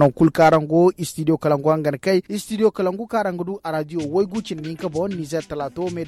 non kul studio kalango ngan kai studio kalangu karango du radio way gucin ninka bon niger me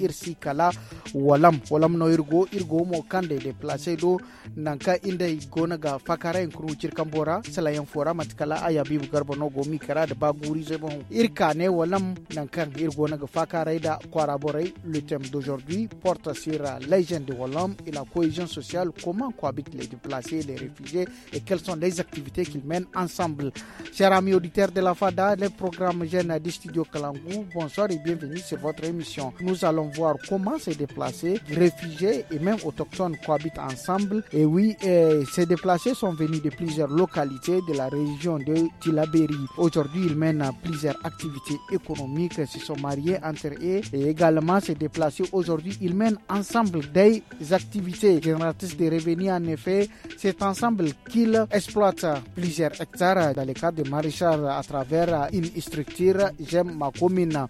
irsi kala walam walam no irgo irgo mo kande de place do nanka indei gona ga fakara en Kru cir kambora salayan fora matkala aya bibu garba no go mi kara da baguri zai bon irka ne walam nankan irgo na ga fakara da kwara borai le thème d'aujourd'hui porte sur la légende de walam et la cohésion sociale comment cohabitent les déplacés les réfugiés et quelles sont les activités qu'ils mènent ensemble. Chers amis auditeurs de la FADA, le programme Jeunes du Studio Kalangou, bonsoir et bienvenue sur votre émission. Nous allons voir comment ces déplacés, réfugiés et même autochtones cohabitent ensemble. Et oui, euh, ces déplacés sont venus de plusieurs localités de la région de Tilaberi. Aujourd'hui, ils mènent plusieurs activités économiques, se sont mariés entre eux et également se déplacés. Aujourd'hui, ils mènent ensemble des activités génératrices de revenus. En effet, c'est ensemble qu'ils exploitent plusieurs hectares dans le cadre de Maréchal, à travers une structure J'aime ma commune.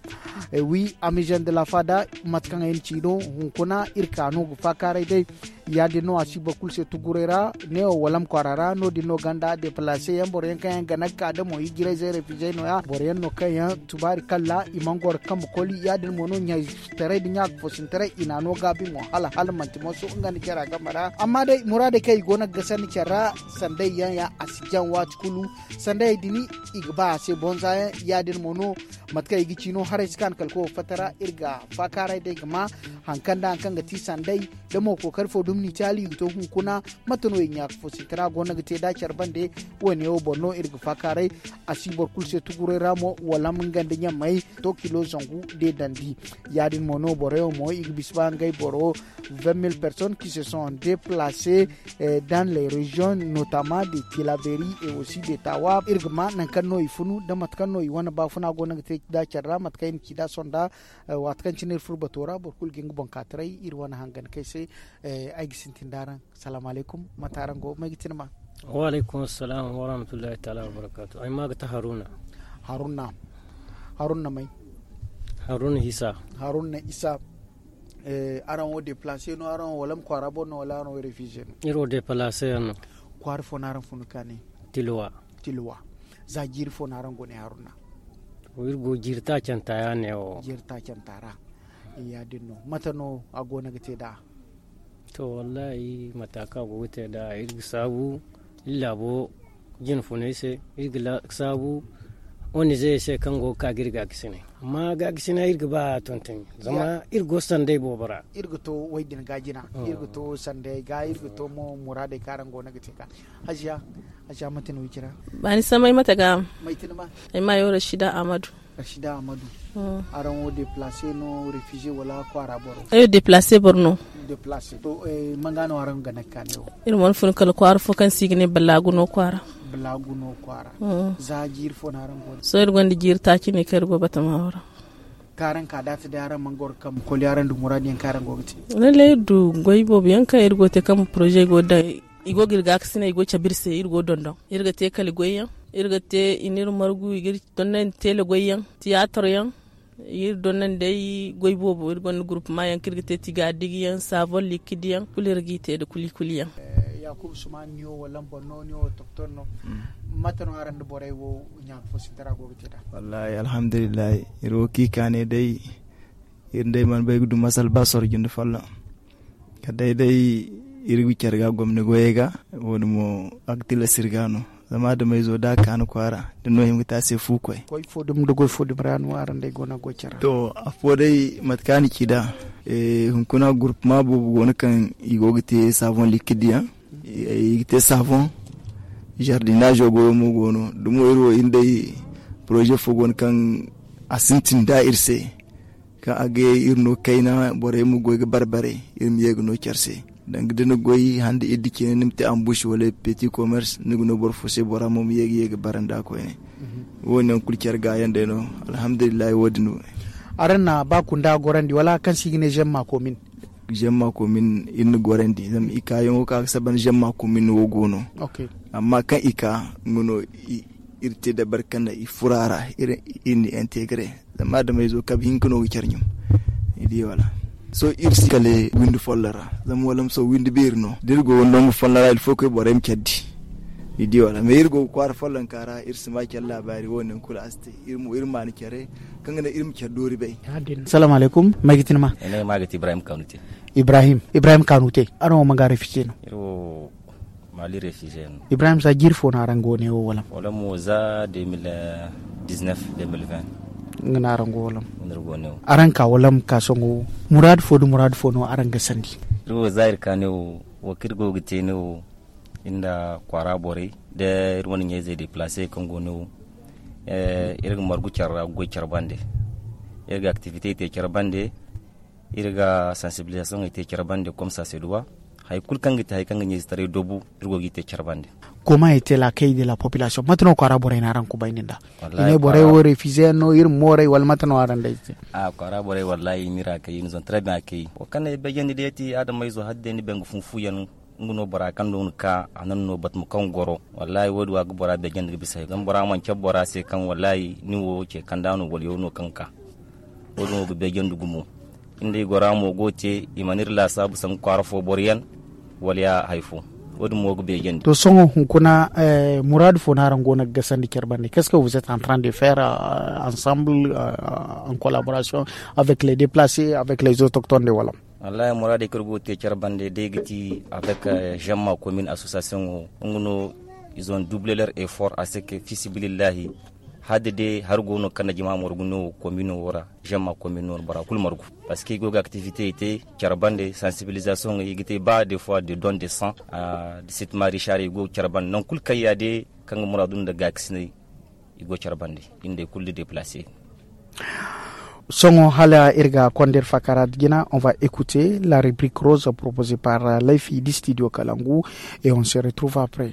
Eh oui, amis de la FADA, Chino, yadino asiba kulse tugurera o walam kwarara no dino ganda déplacé yan boryen kayan ganak ka da mo yigira zai refugee no ya boryen no kayan tubari kalla imangor kam koli yadin tere di tare fo sin tere ina no gabi mo hala hal manti mo so ngani kera kamara amma dai murade kai gona gasan kera sandai yan ya asijan wat kulu sandai dini igba se bonza yadin mono matka gi chino har skan kalko fatara irga fakara dai gama hankanda hankanga ti sandai da mo ko karfo dumni chali to hun kuna matano nya fo sitara gona gite da charbande woni o bonno irga fakare asibor kulse tugure ramo wala mngande nya mai to kilo zongu de dandi yadin mono boreo mo igbisba ngay boro 20000 personnes qui se sont déplacées eh, dans les régions notamment de Tilaveri et aussi de Tawa irgma nankano ifunu damatkano matkano iwana bafuna gona gite da charra matkain kida sonda eh, watkan chinir furbatora borkul gengu bankatrai irwana hangan kese eh, ay gisintin salamu alaikum mataran go mai gitin ma wa alaikum assalam wa rahmatullahi ta'ala wa barakatuh ai maga ta haruna haruna haruna mai haruna isa haruna isa eh, aran wo déplacé no aran walam ko arabo no wala aran wo réfugié no iro déplacé no ko ar fo naran funu kani tilwa tilwa za jir fo naran gone haruna wirgo jirta canta ya ne o jirta cantara iya dinno matano agona gate da to wallahi mataka wuta da irgi sabu labo jin funese irgi sabu wani zai sai kan go ka girga kisine amma ga kisine irgi ba tontin zama irgo sande bobara irgi to waidin gajina oh. irgi to sande ga irgi to mo murade karan go naga teka hajiya hajiya mutun wikira bani samai mata ga mai tilma ai ma yau Rashida Amadu Rashida Amadu oh. aran wo déplacer no réfugié wala ko araboro ayo déplacer Borno de place to e eh, mangano aran ga nakane o irin wani fun kal kwar fo kan balagu no kwara no kwara mm. za jir fo naran go so ir gonde jir ta kine kar go bata wara karan ka dati da yaran mangor kam ko yaran dum muradi en karan go biti lalle du goy bob yan ka go te kam projet go da igo girga kasina igo chabirse ir go dondon ir te kali goyen ir ga te inir margu igir donnan tele yan. tiatro yan ir donan des goy bobo ir gon groupement yan kirgite tiga digi yan savol likidi yan kulirgite de kuli kuli yan eh, yakub suman wala walan bonno doktor boray wo nyaak go wallahi alhamdulillah iro ki kane day ir dai man bay gudu masal basor jund falla gomne sirgano zama da mai zo da kan kwara da no him ta sai fukwai koi koi fo dum do goi fo dum ran war ndai gona go to a fo matkani kida eh hun kuna group ma bo gona kan igo gite savon likidiya igite savon jardinage go mu gono dum iro inde projet fo gon kan asintin da irse ka age irno kaina bore mu go barbare irmi yegno charse donc dina goy hande iddi kene nimte embouche wala petit commerce no bor fosse bora mom yeg yeg baranda ko ne mhm. woni on kulcer ga yande no alhamdullilah wodi no aranna ba nda gorandi wala kan sigine jemma ko min jemma ko min in gorandi zam ika yongo ka saban jemma ko min wo gono ok amma kan ika ngono irte da barkana i furara ire in intégré zama da zo kab hinkano cernyum idi wala so irsi kale windu follara zam walam so windu birno dirgo wondongo follara il faut que borem keddi idi wala me irgo kwar follan kara irsi ma ke labari wonen kula aste irmu irma ni kere kangana irmu ke dori bay assalamu alaikum magitin ma ene magati ibrahim kanute ibrahim ibrahim kanute ano magare ficeno iro mali refugee ibrahim sa jirfo na rangone o wala wala mo za 2019 2020 ngana arango wolam aran ka wolam ka songo murad fodu murad fono aran ga sandi ru zair ka ne wakir go gite ne inda kwara bore de ruwan ne zai de place kongo ne eh irga margu charra go charbande irga activité te charbande irga sensibilisation te charbande comme ça c'est droit hay kul kangi te hay kanga nyesi tare dobu irgo gite charbande comment était kay de la population matno ko ara bore naran ko bayninda ine bore wore fizeno ir more wal matano arande. ite a ko ara wallahi mira kay nous ont très bien kay o kanay bayani de ti adam mayzo hadde ni bengu funfu yanu nguno bora kan don ka anan no batmu mu kan goro wallahi wodi wa bora be gen bi sai gan bora man ke bora se kan wallahi ni wo ce kan dano wal yono kanka wodi wo be gen dugumo indi gora mogo imanir la sabu san kwarfo boriyan waliya haifu wadum mogo be to songo kuna euh, murad fo naran gona gasandi kerbande qu'est-ce que vous êtes en train de faire euh, ensemble euh, en collaboration avec les déplacés avec les autochtones de Walam wallahi murad kirgo te de degiti avec euh, jamma commune association ngono ils ont doublé leur effort à ce que fisibilillahi hade de har kana jima morguno komino wora jamma komino bara kul morgu parce que goga activité était charbande sensibilisation yigite ba des fois de don de sang à ah, de cette marichar go charbande non kul kayade kan muradun da gaksine go charbande inde kul déplacé Songo Hala Irga Konder Fakarat Gina, on va écouter la rubrique rose proposée par euh, les filles studio Kalangu et on se retrouve après.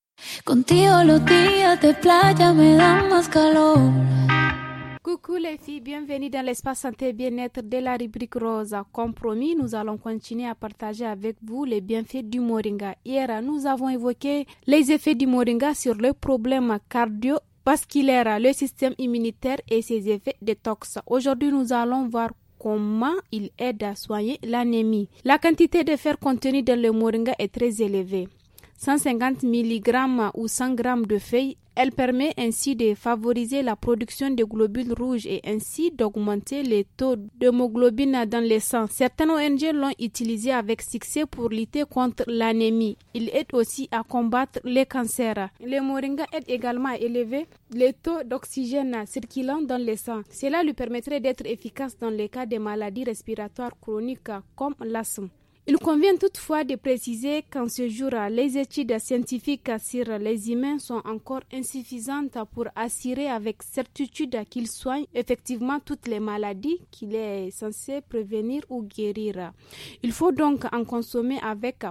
Coucou les filles, bienvenue dans l'espace santé bien-être de la rubrique rose. Comme promis, nous allons continuer à partager avec vous les bienfaits du moringa. Hier, nous avons évoqué les effets du moringa sur le problème cardio vasculaire, le système immunitaire et ses effets détox. Aujourd'hui, nous allons voir comment il aide à soigner l'anémie. La quantité de fer contenue dans le moringa est très élevée. 150 mg ou 100 g de feuilles. Elle permet ainsi de favoriser la production de globules rouges et ainsi d'augmenter les taux d'hémoglobine dans le sang. Certains ONG l'ont utilisé avec succès pour lutter contre l'anémie. Il aide aussi à combattre les cancers. Le moringa aide également à élever les taux d'oxygène circulant dans le sang. Cela lui permettrait d'être efficace dans les cas de maladies respiratoires chroniques comme l'asthme. Il convient toutefois de préciser qu'en ce jour, les études scientifiques sur les humains sont encore insuffisantes pour assurer avec certitude qu'ils soignent effectivement toutes les maladies qu'il est censé prévenir ou guérir. Il faut donc en consommer avec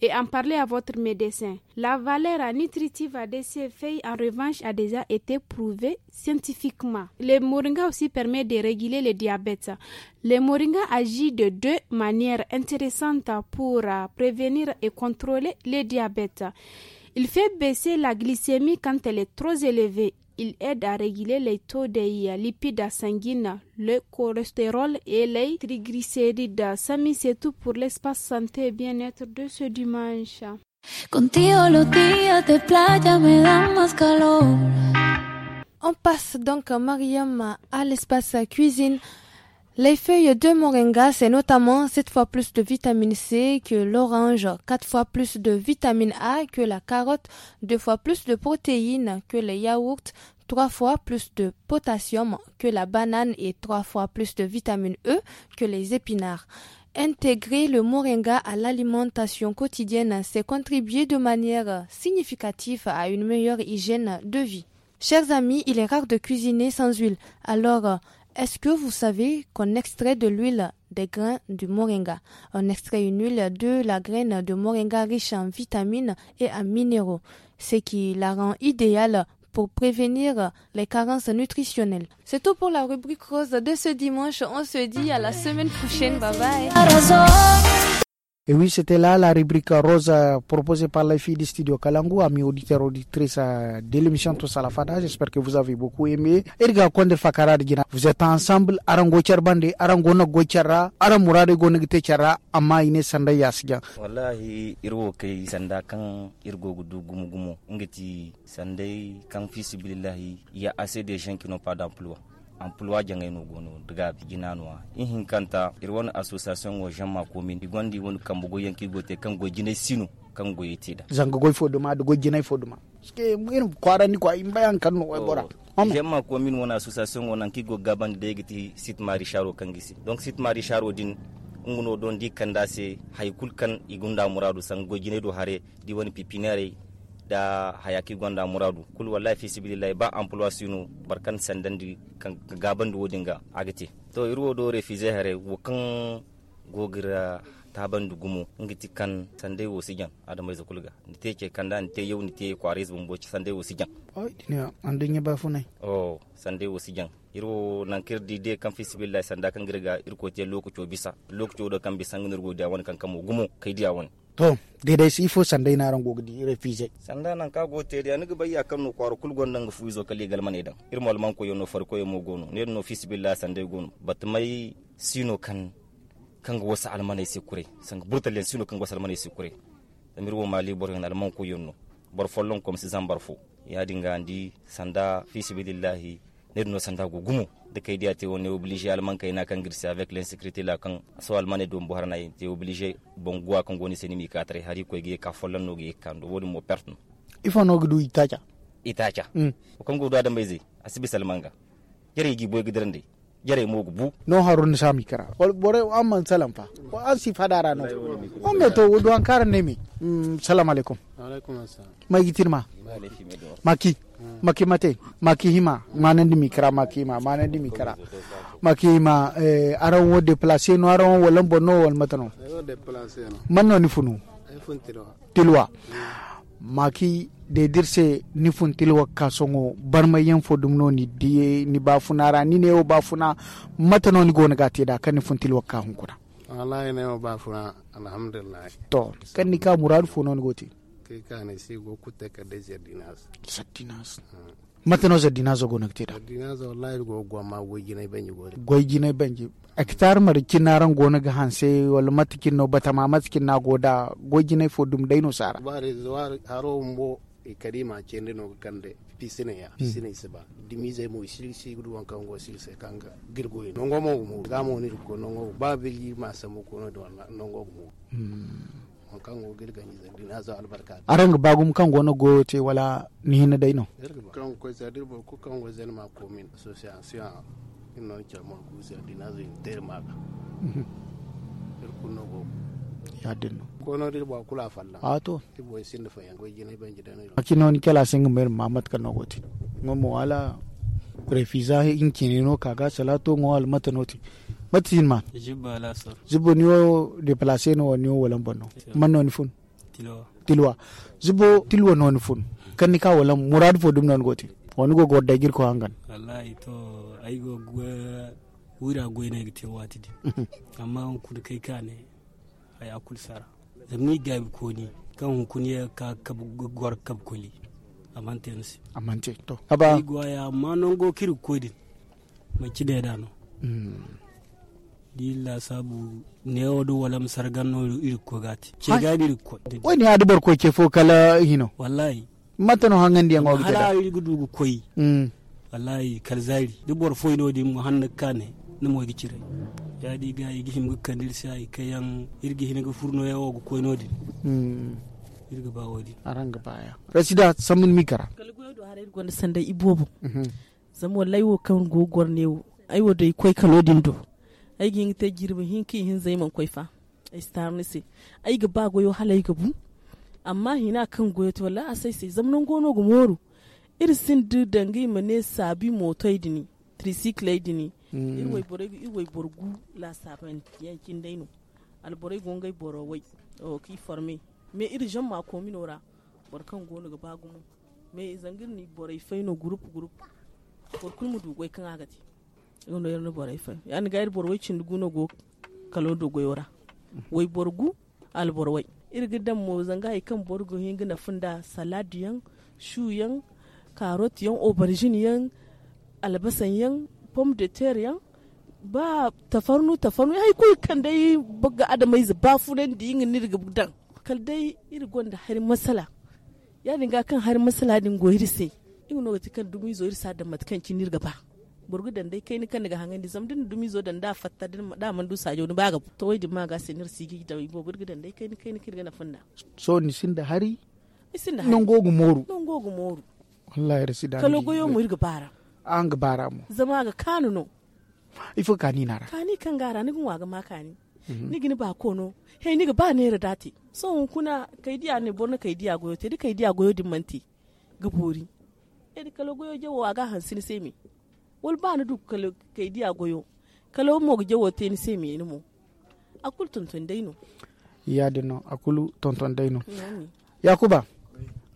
et en parler à votre médecin. La valeur nutritive de ces feuilles, en revanche, a déjà été prouvée scientifiquement. Le moringa aussi permet de réguler le diabète. Le moringa agit de deux manières intéressantes pour euh, prévenir et contrôler le diabète. Il fait baisser la glycémie quand elle est trop élevée il aide à réguler les taux des lipides sanguines, le cholestérol et les triglycérides. Samy, c'est tout pour l'espace santé et bien-être de ce dimanche. On passe donc à Mariam à l'espace cuisine. Les feuilles de moringa, c'est notamment 7 fois plus de vitamine C que l'orange, 4 fois plus de vitamine A que la carotte, 2 fois plus de protéines que les yaourts, 3 fois plus de potassium que la banane et 3 fois plus de vitamine E que les épinards. Intégrer le moringa à l'alimentation quotidienne, c'est contribuer de manière significative à une meilleure hygiène de vie. Chers amis, il est rare de cuisiner sans huile. Alors, est-ce que vous savez qu'on extrait de l'huile des grains du moringa On extrait une huile de la graine de moringa riche en vitamines et en minéraux, ce qui la rend idéale pour prévenir les carences nutritionnelles. C'est tout pour la rubrique rose de ce dimanche. On se dit à la semaine prochaine. Bye bye. Et oui, c'était là la rubrique rose euh, proposée par la fille du studio Kalangu, amis auditeurs, auditrices euh, de l'émission Tous à la Fada. J'espère que vous avez beaucoup aimé. Erga Konde Fakara de Gina, vous êtes ensemble, Arango Charbande, Arango Nago Chara, Aramurade Gonegte Chara, Ama Ine Sanda Yasga. Wallahi, Irwo Kei Sanda Kan, Irgo Ngeti Sandei, Kan Fils il y a assez de gens qui n'ont pas d'emploi. emploi no gono daga ginanwa in hinkanta irwan association wo jamma min gondi won go yanki gote kan go jine sinu kan go yitida zanga go foduma do go jine foduma ske in kwara ni kwa imbayan kan no bora oh, jamma min won association anki go gaban de giti sit mari kangi kangisi donc sit mari charo din ngono don di kandase haykul kan igunda muradu san go jine do hare di won pipinare da hayaki gwanda muradu kul wallahi fi sibilillahi ba emploi sino barkan sandan di gaban da wodinga agite to irwo do fi hare wukan gogira taban dugumo ngiti kan sande wo sijan adamai za kulga ni nite ke kanda te yau ni te kware zubun boci sande wo sijan oi dina an dunya ba funai o sande wo sijan iru nan kirdi de kan fi sibillahi sanda kan girga irko te lokaci bisa lokaci da kan bisa ngirgo da wani kan kamo gumo kai diya wani to daidai su ifo sandai na rango gidi refije sanda nan ka go teriya ni gaba ya kan no kwaro kulgon nan fu zo kali galman idan irmal man ko yono farko ya mo gono ne no fis billah sandai gono bat mai sino kan kan go wasa almanai sai kure sanga burtalen sino kan go wasa almanai sai kure tamir wo mali borgan alman ko yono bor follon kom si zambar fo. ya dinga andi sanda fis sabilillahi no sanda go gumo de kay dia te on est obligé alman kay na kan girsi avec l'insécurité la kan so alman do mbo harna te obligé bon gwa kan goni senimi ka tre hari ko ge ka follan no ge kan do woni mo pertno ifo no gudu itacha itacha mm. kan go adam bayzi asibi salmanga yare gi boy gidrande yare mo gubu no harun sami kara bore amman salam fa ko asi fadara no o me to do an karne mi mm, salam alaikum alaikum assalam ma gitirma e ma maki makimate makihima manandi mikra makihima manandi mikra makihima eh, aran wo déplacé no aran wo lambo no wal matano manno ni funu tilwa mm. maki de dirse ni fun tilwa ka songo barma yan fo dum no ni die ni ra ni ne o bafuna matano ni gona gati da kan ni fun tilwa ka hunkuna wallahi ne o bafuna alhamdulillah to kan ni ka muradu fo non goti che cane si go kutte ka da jardinas jardinas matano jardinas go naktira jardinas wallahi go go ma go gina benji go go gine benji hectare mar kinaran go na ga hanse wal mat no bata ma matkin na go da go gina fo dum dai no sara bare zuwar haro mbo e kadima cende no kande pisine ya hmm. pisine isba dimize mo isili sigudu wanka ngo silse kanga girgo no ngomo mo mo ni ko no ngo babil ma samu ko no do no ngo on kan go za albarka bagum kan go no wala ni hina dai no ko zadir bo ko ma ko min association mo zo inter ma ka mhm. no go ya din no ko no dir bo kula falla a to ti bo sin da fayan go jina ban jidan no akino sing mer mamat no refiza in kinino kaga salato almata noti matin ma jibba la sor jibbo ni o déplacer no ni o walan bonno man non fun tilwa tilwa jibbo tilwa non fun kan ni ka walan murad fo dum non goti woni go godda gir ko hangan wallahi to ay go wura go ne gite watidi mhm. amma on kudu kai kane ay akul sara zamni gabi ko ni kan ya ka kab gwar kab koli amante nsi amante to aba igwa ya manongo kiru ma mai kide da mm. dilla sabu ne wala walam sarganno iri ko gati ce gani iri ko woni adu bor ko ke fo kala hino wallahi matano hangandi yango gida hala iri gudu koi mm wallahi kalzari du bor fo ino di mu kane ne mo gicire di ga yi gihim kandir sai kayan irgi ga furno ya gu koyi nodi mm irga ba wodi aranga baya resida samun mikara kalgodo har irgo sanda ibobo mhm. zamo laiwo kan gogor ne aiwo dai koy kalodin do aigi hinga te girbi hin ki hin zai man kwaifa ai star ni ai ga ba goyo halai ga bu amma hina kan goyo to wallahi sai sai zamnan gono ga moru irsin du dangi mane sabi motoi dini tricycle dini mm. irwai boregu irwai borgu la saban yankin daino alborai gongai borowai o oh, ki forme me irjan ma ko minora barkan gono ga bagumu me zangirni borai faino group group borkul mu dugo kan agati ngono yerno boray fay yani gair bor way cindu guno go kalo do wai way borgu al bor way irga dam mo zanga ay kan borgo hinga na funda shu shuyan carrot yan aubergine yan albasan yan pomme de terre yan ba tafarnu tafarnu ai kul kan dai baga adamai ba furen di yin ni daga budan kal dai iri da har masala ya dinga kan har masala din goyir sai in no kan dumi zo irsa da matkan kin nirga ba burgu dan dai kai ni kan daga hangen di zamdin dumi zo dan da fatta din da man dusa jo ni baga to wai ma ga senior sigi da bo burgu dan dai kai ni kai ni kirga na funna so ni sin da hari Sin da hari non gogu moru non gogu moru wallahi rasi sidan. kalo goyo mu irga bara an ga bara mu zama ga kanu no ifo kani nara kani kan gara ni gun waga ma kani mhm. ni gini ba kono he ni ga ba ne ra dati so kuna kai dia ne na kai dia goyo te di kai dia goyo din manti ga e di kalo goyo je ga hansini sai me wal baana du kalo kai dia goyo kalo mo gje wote ni se mi mo akul tonton daino ya dino akulu tonton daino yakuba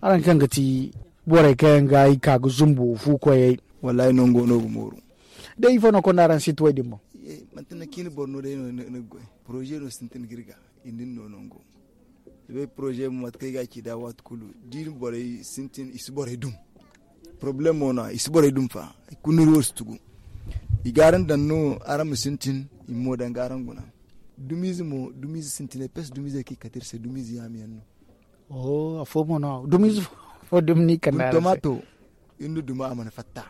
aran kan gati bore kayan ga yi kagu zumbu fu ko yayi wallahi non go no gumuru dai fo no ko naran sitwe dimbo eh, mantana kini borno dai no ne go projet no sintin girga indin no non go be projet mu mat kai ga ki da wat kulu dir bore sintin is bore dum problem ona isbore dum fa kunur tugu igaran danno aram sintin imo dan garan guna dumizi mo dumizi sintine pes dumizi ki katir se dumizi yami anno oh afo mo na dumizi fo dumni kanara tomato indu duma amana fatta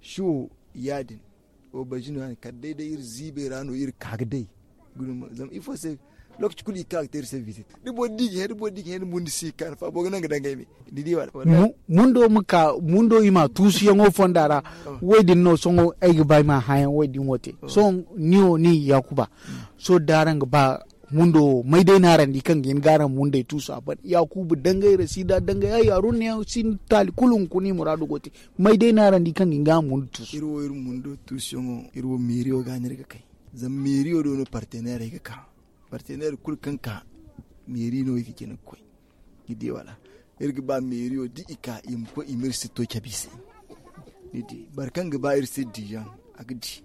shu yadin o bajinu han kadde dai ir zibe rano ir kagde gudum zam ifo se lokaci kuli caractère se visite ɗi hen heɗi bondigi hen mundi si kan fa bo nanga danga mi didi wala mundo muka mundo ima tusu yango fondara oh. wedin no songo ay bai ma hayan wedin wote so niwo oh. ni yakuba so darang ba mundo mai dai na randi kan gin gara mundo a ba yakubu dangai rasida dangai ay yaro ne sin tali kulun kuni muradu gote mai dai na randi kan gin gara mundo tusu iru irwo mundo tusu yango irwo miriyo ganir ga kai zan miriyo do no partenaire ga ka partenaire kul kanka mairie no yake kenan koi gidi wala irgi ba mairie o di ika im ko imir sito kabise gidi barkan ga ba di diyan agidi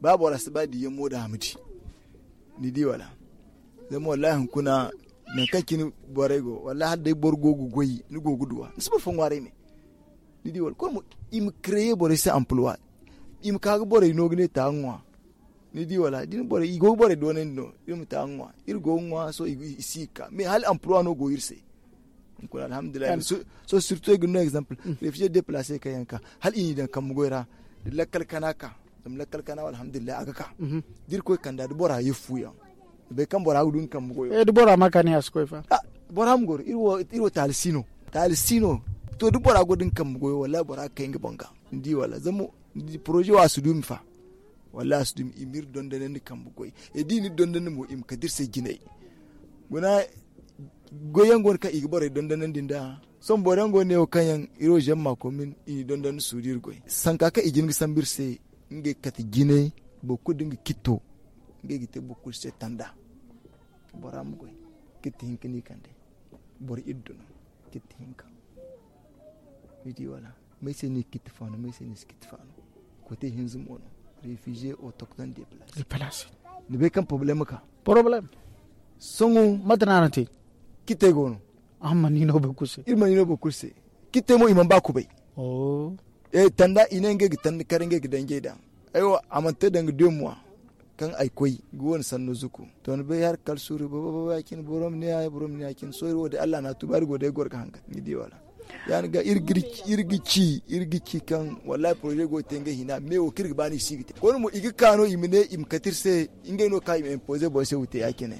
babu wala ba diyan moda hamdi gidi wala zama wallahi kuna na kakin borego wallahi hadda borgo gu goyi ni goguduwa nisba fangware me gidi wala ko im créer borisi emploi im kaga bore no gne ta ngwa ni di wala din bore igo bore do nen no irum ta ngwa ir go nwa so isika mais hal emploi no go irse donc alhamdulillah so, so surtout gun exemple réfugié déplacé kayanka hal ini dan kam goira lakal kanaka dum lakal kana alhamdulillah agaka mhm. dir ko kanda do bora yefu ya be kam bora udun kam goyo e eh, do bora makani asko fa ah bora mgor irwo irwo talsino talsino to do bora godin kam goyo wala bora kaynga bonga ndi wala zamu projet wa su dum fa wala su dum imir dondane ni kambu goy e dini dondane mo im kadir se jinay guna goyan gon ka igbore dondane dinda son boran go ne o kanyan iro jamma ko min ini dondane sudir goy sanka ka ijin gi sambir se nge kati jinay boku dingi kito nge gite boku se tanda boram goy kitti hinkini kande bor idduno kitti hinka midi wala mai se ni kitti fano mai se ni kitti fano réfugiés autochtones des places. Des places. Nous avons un problème. Problème. Songo. Maintenant, tu. Quitte gono. Amanino bokuse. Imanino bokuse. Quitte mo imamba kubai. Oh. Eh tanda inenge gitan karenge gidanje da. Aiwa amante dang deux mois. kan ai koi guwan sannu zuku ton ne bai har kalsuru ba ba ba kin borom ne ay borom ne kin soiro da Allah na tubar gode gorka hanga. ni diwala yani ga irgirki irgici irgici kan wallahi projet go tenge hina me o kirgi bani sigite kono mo igi kano imine im katirse inge no kai im impose bo se wute yakine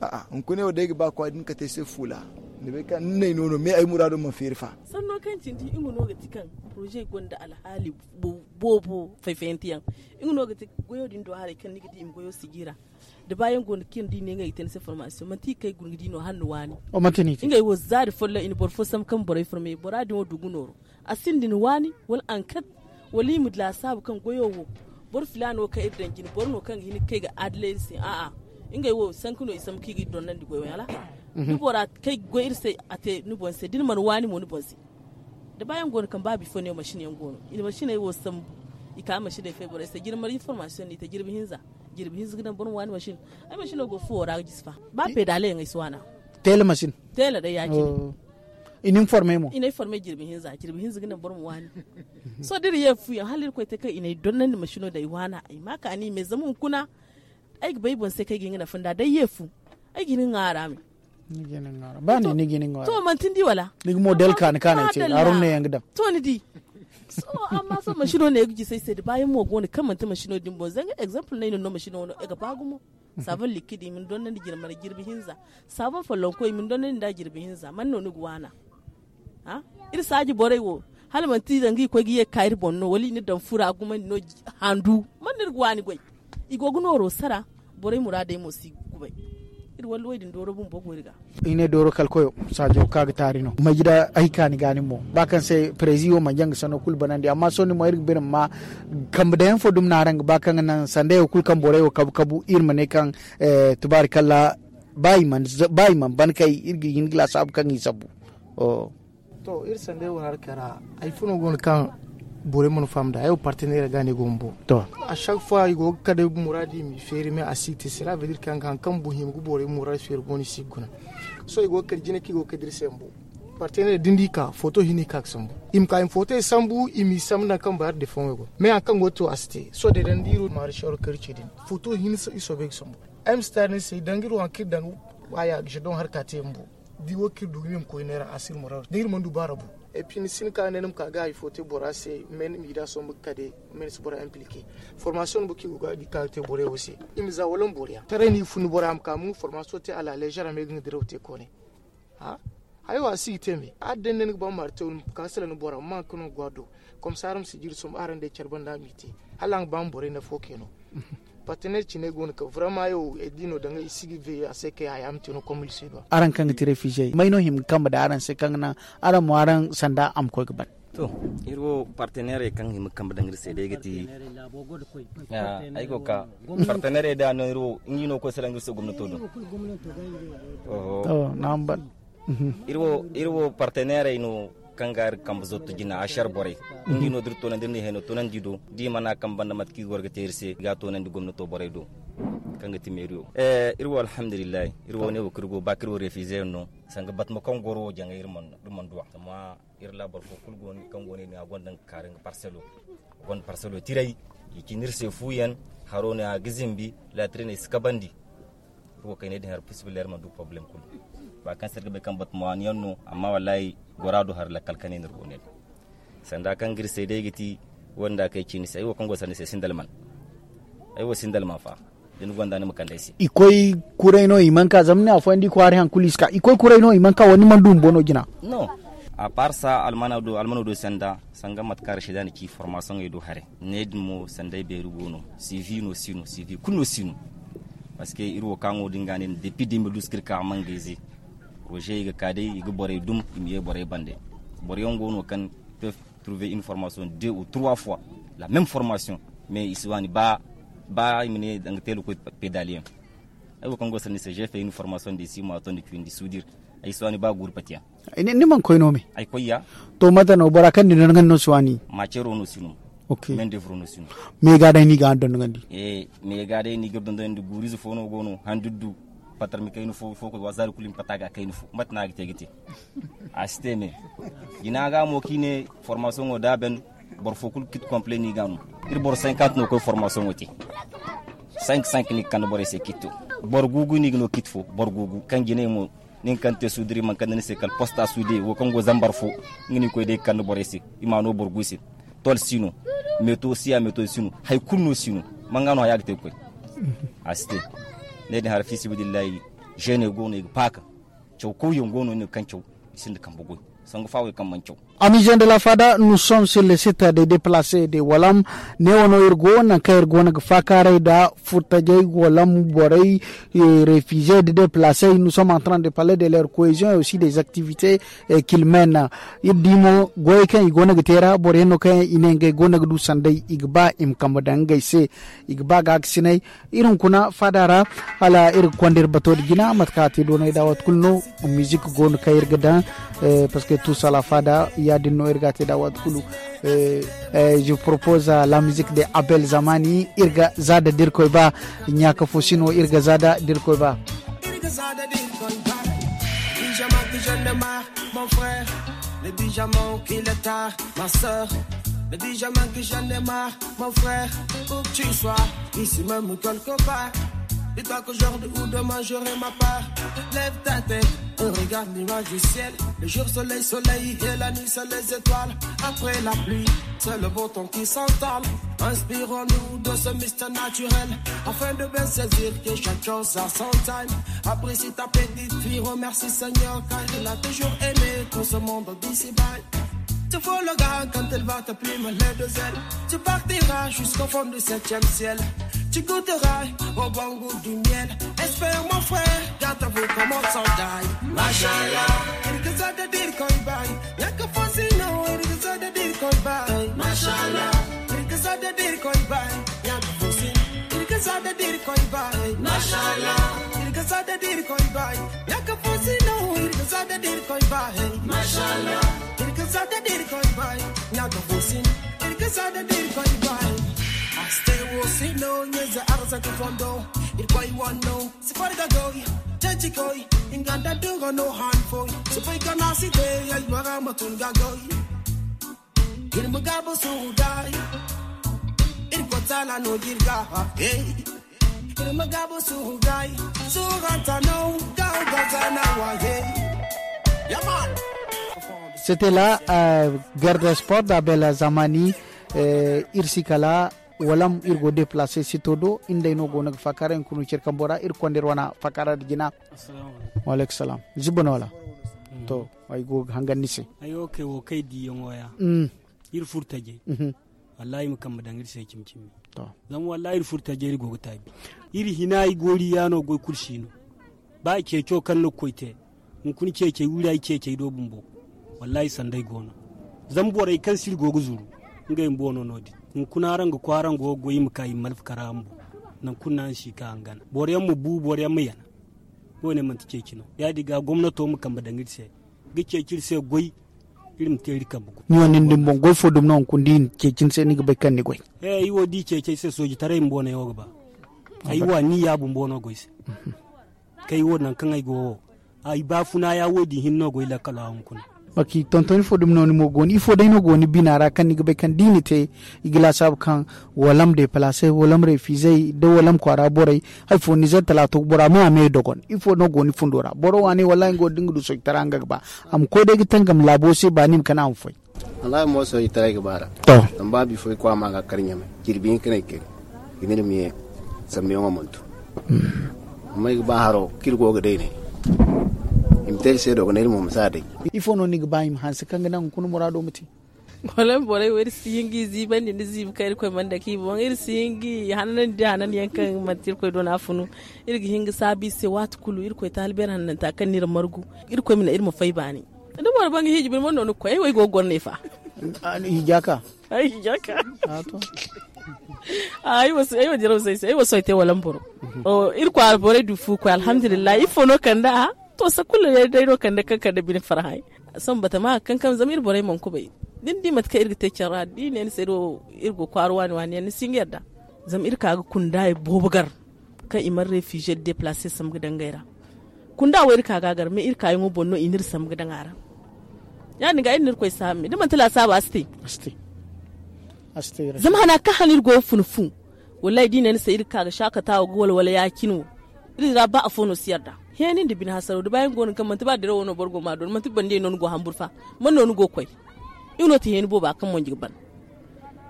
a a on kone o degi ba ko adin katirse fula ne be kan ne no no me ay murado ma firfa sanno kan tindi ingo no ga tikan projet gonda bo bo fefentiyan ingo no ga tik goyo din do hare kan nigidi im goyo sigira da bayan gonakin dine nga iten se formation manti kai gungi dino hannu wani o mantini inga wo zari folla in bor fosam kan boray formé bora dimo dugunoro asin din wani wal ankat wali mudla sabu kan wo bor filano ka irdan gini bor no kan hini kai ga adlensi a a inga wo sankuno isam kigi don nan di goyo yala mhm. ni bora kai go irse ate ni bonse din man wani mo ni bonse da bayan gonakan babi fone machine yan gono ina machine wo sam ikama shi da february sai girmar information ne ta girbihin hinza girbi his gidan bun wani mashin ai mashin go fo ra gisfa ba pedale ngai suwana tele mashin tele da yaki oh. in informe mo in informe girbi hinza girbi hinza gidan bun wani so diri ye fu halir ko te kai ina don nan machine da iwana ai maka ani me zamun kuna ai bai bon sai kai gina funda dai ye fu ai ginin ngara mi ni ginin ngara ba ni ni ginin ngara to man tindi wala ni model ah, kan kan ce arun ne yang gidan to ni di so amma so mashino ne yugi sai sai bayan mo gona kan manta mashino din bo zanga example ne no mashino wono e ga bagumo sabon likidi min don nan girmar girbi hinza sabon fallon koyi min don nan da girbi hinza man no ni guwana ha ir saji borai wo hal man ti zangi ko giye kair bonno wali ni dan fura guma no handu man ni guwani goi igoguno ro sara borai muradai mo si gubai ir wal waydin doro bum bo goriga ine doro kalkoyo sajo kaga tarino majida aikani gani mo ba bakan sai prezio jang sano kul banandi amma soni mo irbe ma kam da yan fodum narang kan nan sande kul kam bore kabu kabu irma ne kan eh, tubarkalla bayi man bayi man ban kai irgi yin glass ab kan isabu o oh. to ir sande wonar kara ai funo gon kan bore mun famda ayo partenaire gane gombo to a chaque fois igo kade muradi mi feri me asiti cela veut dire kan kan kan buhim gu bore muradi feri boni siguna so igo kerjine ki go kedir sembo partenaire dindika photo hini kak sambu im ka photo sambu imi samna kan bar de fon go me akan go to asti so de dandiru marshal kerchi din photo hini so isobek sembo am starne se dangiru an kidan waya gjedon harkate mbu diwo kirdu ngim ko inera asir murar dir mandu barabu puis sin ka nenem ka ga ifote bora se men mi da so muka de men su bora impliqué formation bu ki uga di ka te bore aussi im za wolon boria tare ni fun bora am ka formation te ala légère me ngi drewte kone ha ayo si teme adden nen ba mar tewn ka sala bora man kono gwado comme ça ram si jir som arande charbanda miti halang bambore na fokeno partenaire ci ne ko vraiment yo dino danga i sigi ve a ce ke ayam tino comme il se doit aran kang ti refugee may no him kamba da aran se kang na aran mo aran sanda am ko gaban to irwo partenaire kang him kamba danga se de gati ay ya, ko ka partenaire da no irwo no ko selangu se to do oh to namban irwo irwo partenaire no kangar kamba zo jina ashar bore ngino dir to na dirni heno to nan di mana kam na mat ki gorga terse ga to nan di to bore do kanga timerio eh irwo alhamdulillah irwo ne bakir bakirwo refize no sanga batma goro janga irman irman ma ir irla bor ko kul gon kan goni dan ng parcelo gon parcelo tirai yikinir se fuyan harona agizimbi la trene skabandi ko kayne den har possible lerma du problem kul ba kan serga be kan an yonno amma wallahi gorado har lakkal kane nir gonel sanda kan girse dai giti wanda kai kini sai wa kongo sanda sai sindalman ai wa sindalman fa din gwanda ne makan daisi ikoi kurai no imanka zamne afo ndi ko har hankuli ska ikoi kurai no imanka wani mandum bono gina no a parsa almana do almana do sanda sanga matkar shidani ki formation e do hare ned mo sanda be rugono cv no sino cv kuno sino parce que iru kango dingane depuis 2012 kirka mangezi projet kadai iga boré dum imiye boré bandé boré ngono kan peuvent trouver une formation deux ou trois fois la même formation mais ils sont ba ba imine dans tel ko pédalien ay ko ngo sani j'ai fait une formation de 6 mois ton de cuine de soudure ay swani ba gurpatia ay ni man koyno me ay koyya to madano barakan ni nan no swani ma cero no sinu ok men de vrono sinu me ga dai ni ga don ngandi eh me ga dai ni ga don ngandi gurizu fono gono handuddu patarmi kaini fo fo ko wazari kulim pataga kainu fo matna gite gite asteme ginaga mo kine formation o daben bor fo kul kit complet ni ganu ir bor 50 no ko formation oti 5 5 ni kan bor se kitu bor gugu ni gno kit fo bor gugu kan gine mo nin kan te sudiri man kan ne se kal posta sudi wo kan go zambar fo ngini ko de kan bor se imano bor gusi tol sino meto sia meto sino hay kunno sino mangano ya gite ko asite ne da harfi layi jene gono ga faka cewa ko gono ne kan cewa sun da kan sun sangu fawo kan man cewa Amis de la Fada, nous sommes sur le site des déplacés de Walam. Néono Irgo, Nakairgo, da Furtajay, Walam, Borei, e réfugiés, de déplacés. Nous sommes en train de parler de leur cohésion et aussi des activités eh, qu'ils mènent. Ibdimo, Goeken, Igonagtera, Borenoken, Inenge, Gonagdu Sandei, Igba, se Igba Gaksine, fada Fadara, Ala Irkwandir Batorgina, Matkati, Doneda, Watkulno, musique Gon Kairgedan, eh, parce que tout ça la Fada, yadinno irga teda watkulu eh, eh, je propose la musique de abel zamani irga zada dirkoy ba ñaka fo sino irga zada dirkoy ba mon frère, le bijaman qui est tard, ma soeur, le pyjamas que j'en ai marre, mon frère, où que tu sois, ici même ou quelque part. Et toi qu'aujourd'hui ou demain j'aurai ma part. Lève ta tête, regarde l'image du ciel. Le jour, soleil, soleil et la nuit, c'est les étoiles. Après la pluie, c'est le beau temps qui s'entale. Inspirons-nous de ce mystère naturel afin de bien saisir que chaque chose a son time. Apprécie ta petite fille, remercie Seigneur car il a toujours aimé tout ce monde d'ici bas. Tu fous le gars quand elle va te plumer les deux ailes. Tu partiras jusqu'au fond du septième ciel. tu goûteras au bon goût du miel. Espère mon frère, garde vous comment on s'enjaille. Machala, il te de dire qu'on baille. Y'a que Fonsino, il te de dire qu'on baille. Machala, il te de dire qu'on baille. Y'a que Fonsino, il te de dire qu'on baille. Machala, il te de dire qu'on baille. Y'a que Fonsino, il te de dire qu'on baille. Machala, il te de dire qu'on baille. Y'a que Fonsino, il te de dire qu'on baille. sino nyeza arza kufondo ilkoi wano sifari gagoi tenchi koi inganda dungo no hanfoi supai kana site ya imaga matun gagoi il mugabo sugai il kotala no girga hey il mugabo sugai suganta no gagaza na wa hey yaman c'était là euh, Garde Sport d'Abel Zamani, euh, Irsikala walam irgo déplacé sitodo indayno go nag fakara en kunu cerkam bora ir nder wana fakara de jina waaleykum salam jibbano wala to ay go hanganni se ayo ke wo kay di yongoya hmm ir furtaje hmm wallahi mu kam dangir se kimkimi to zan wallahi ir furtaje ir go tabi ir ay gori yano go kursino ba ke kan kallo koite mun kun ke ke wura ke ke do bumbo wallahi sandai gono. zan borai kan go guzuru ngai bono nodi kuna ranga kwaran go goyi muka yi malf karambu nan kunan shi ka angana boryan mu bu boryan mu yana wone man tike kino ya diga gwamnato mu da badan girse gice kirse goyi irin teri kambu. bugu ni wani din bon golfo dum non kundi ke kin se ni bai kan ni goyi eh iwo di ke ke se soji tare mbo ne yoga ba ai wa ni ya bu mbo goyi goyi mhm. kai wo nan kan ai go ai ba funa ya wodi hinno goyi la kala kuna baki tonton ifo dum non mo goni ifo dai no goni binara kan ni be kan dini igila sab kan walam de place walam re fizai de walam kwara borai hay fo ni zata lato bora mo ame dogon ifo no goni fundora boro wani wallahi go dingu du sok taranga ba am ko de gitan gam labo se banim kana am foi wallahi mo so itara ga bara to am ba bi foi kwa ma ga karnya me kirbin kana ke ini mi samme ngo montu mai hmm. ba haro kirgo ga dai ne imtel seeɗo ko nel mum saade il sade ifono nig bayim si kanga nan kunu murado muti bolan borai wari singi ziban ni zib kair koye manda ki bon iri singi hanan da hanan yankan matir koye don afunu ir gi hinga sabi se wata kulu iri koye talibere hanan ta kan margu iri koye mina ir mu fai bani da mora bangi hiji bin mon no koye ay way go gonne fa ah, hijaka ay hijaka ato ay ah, wasu ay wajira wasai sai wasu te walan boro o oh, iri ko albore du fu ko alhamdulillah no kanda a ko sa kullum ya dai kan da kanka da bin farhai san bata ma kankan zamir borai man bai din di matka irga te kyara di ne sai do irgo kwaruwa wani wani ne sin yarda zam irka ga kunda dai bobugar kan imar refugee déplacé sam gidan gaira kunda wa irka gagar me irka yi bonno inir sam gidan ara ya ni ga inir koi sami di man tala saba asti asti asti zama na ka hanir go funfun wallahi di ne sai irka ga shakatawa go walwala ya kinwo irira ba a fono siyar da heni da bin hasaro da bayan gonin kan mantiba da wono borgo ma don mantiba de non go hambur fa man non go koy ino ti heni boba kan monji ban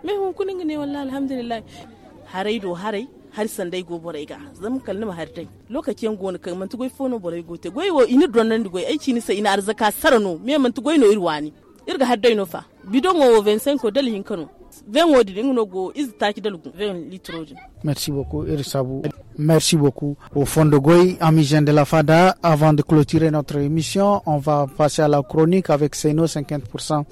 me hun kunin ne wallahi alhamdulillah harai do harai har dai go borai ga zam kallima har dai lokacin gonin kan mantigo fono borai go te goyi wo ini don nan goyi aiki ni sai ina arzaka sarano me mantigo ino irwani bidon 25 hinkano merci beaucoup Erisabou. Merci beaucoup. Au fond de Goy, amis de la FADA, avant de clôturer notre émission, on va passer à la chronique avec Seno 50%.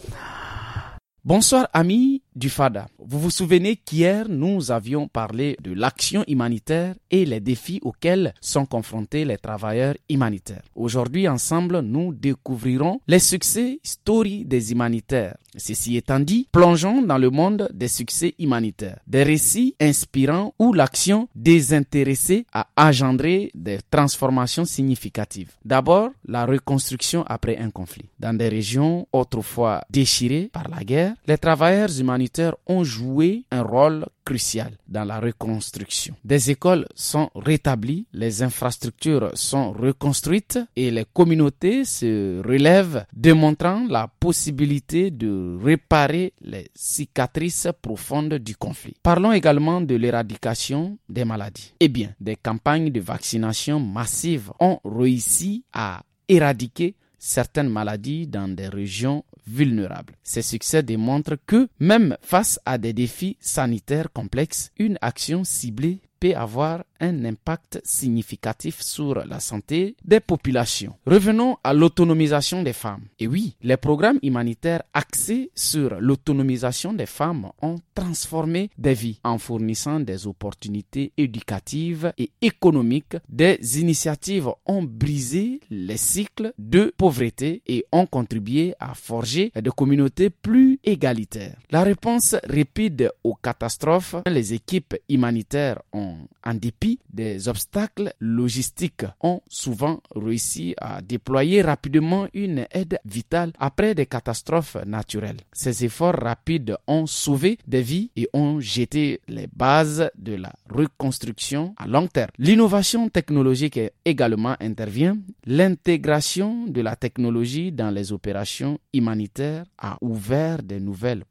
Bonsoir amis, du FADA. Vous vous souvenez qu'hier, nous avions parlé de l'action humanitaire et les défis auxquels sont confrontés les travailleurs humanitaires. Aujourd'hui, ensemble, nous découvrirons les succès story des humanitaires. Ceci étant dit, plongeons dans le monde des succès humanitaires, des récits inspirants où l'action désintéressée a engendré des transformations significatives. D'abord, la reconstruction après un conflit. Dans des régions autrefois déchirées par la guerre, les travailleurs humanitaires ont joué un rôle crucial dans la reconstruction. Des écoles sont rétablies, les infrastructures sont reconstruites et les communautés se relèvent, démontrant la possibilité de réparer les cicatrices profondes du conflit. Parlons également de l'éradication des maladies. Eh bien, des campagnes de vaccination massives ont réussi à éradiquer certaines maladies dans des régions vulnérables. Ces succès démontrent que, même face à des défis sanitaires complexes, une action ciblée avoir un impact significatif sur la santé des populations. Revenons à l'autonomisation des femmes. Et oui, les programmes humanitaires axés sur l'autonomisation des femmes ont transformé des vies en fournissant des opportunités éducatives et économiques. Des initiatives ont brisé les cycles de pauvreté et ont contribué à forger des communautés plus égalitaires. La réponse rapide aux catastrophes, les équipes humanitaires ont en, dépit des obstacles logistiques, ont souvent réussi à déployer rapidement une aide vitale après des catastrophes naturelles. Ces efforts rapides ont sauvé des vies et ont jeté les bases de la reconstruction à long terme. L'innovation technologique également intervient. L'intégration de la technologie dans les opérations humanitaires a ouvert de nouvelles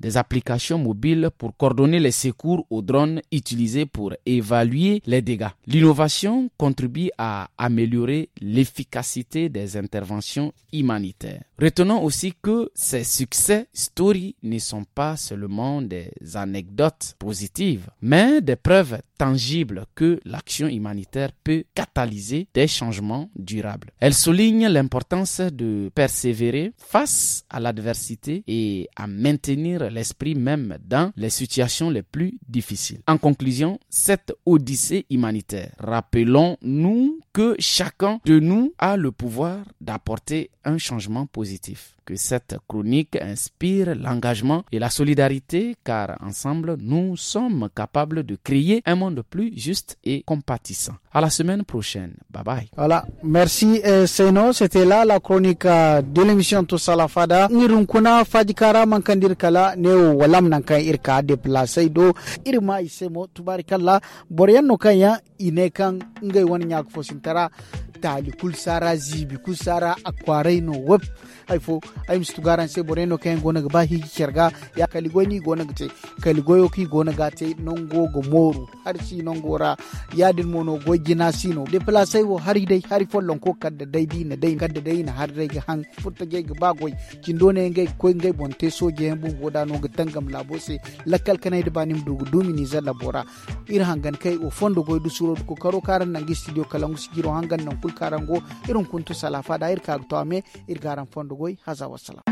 des applications mobiles pour coordonner les secours aux drones utilisés pour évaluer les dégâts. L'innovation contribue à améliorer l'efficacité des interventions humanitaires. Retenons aussi que ces succès stories ne sont pas seulement des anecdotes positives, mais des preuves tangible que l'action humanitaire peut catalyser des changements durables. Elle souligne l'importance de persévérer face à l'adversité et à maintenir l'esprit même dans les situations les plus difficiles. En conclusion, cette odyssée humanitaire, rappelons-nous que chacun de nous a le pouvoir d'apporter un changement positif que cette chronique inspire l'engagement et la solidarité car ensemble nous sommes capables de créer un monde plus juste et compatissant. À la semaine prochaine. Bye bye. Voilà. Merci euh, Seno. C'était là la chronique euh, de l'émission Tous à la Fada. Nirunkuna Fadikara Mankandir Kala ne Walam nankay Irka déplacé do Irma Isemo Tubarikala Borian Nokaya Inekan Ngay Wanyakfosintara. tali kul sara zibi kul sara akwarai no web ai fo ai mistu garan se boreno ken gona ga bahi kerga ya kali goni gona ga te kali goyo ki gona ga te non go moru har si non gora ya din mono go gina sino de pla sai wo hari dai hari fo lon kadda dai di na dai kadda dai na har dai ga han futta ge ga bagoy kin done ngai ko ngai bonte so ge bu goda no ga tangam labo se lakkal kanai da banim dugu dumini za labora ir hangan kai o fondo Goy du suro ko karo karan nangi studio kalangu sigiro hangan non pu karango irin kuntu salafa da irka to ame irgaran fondugoy haza wassalam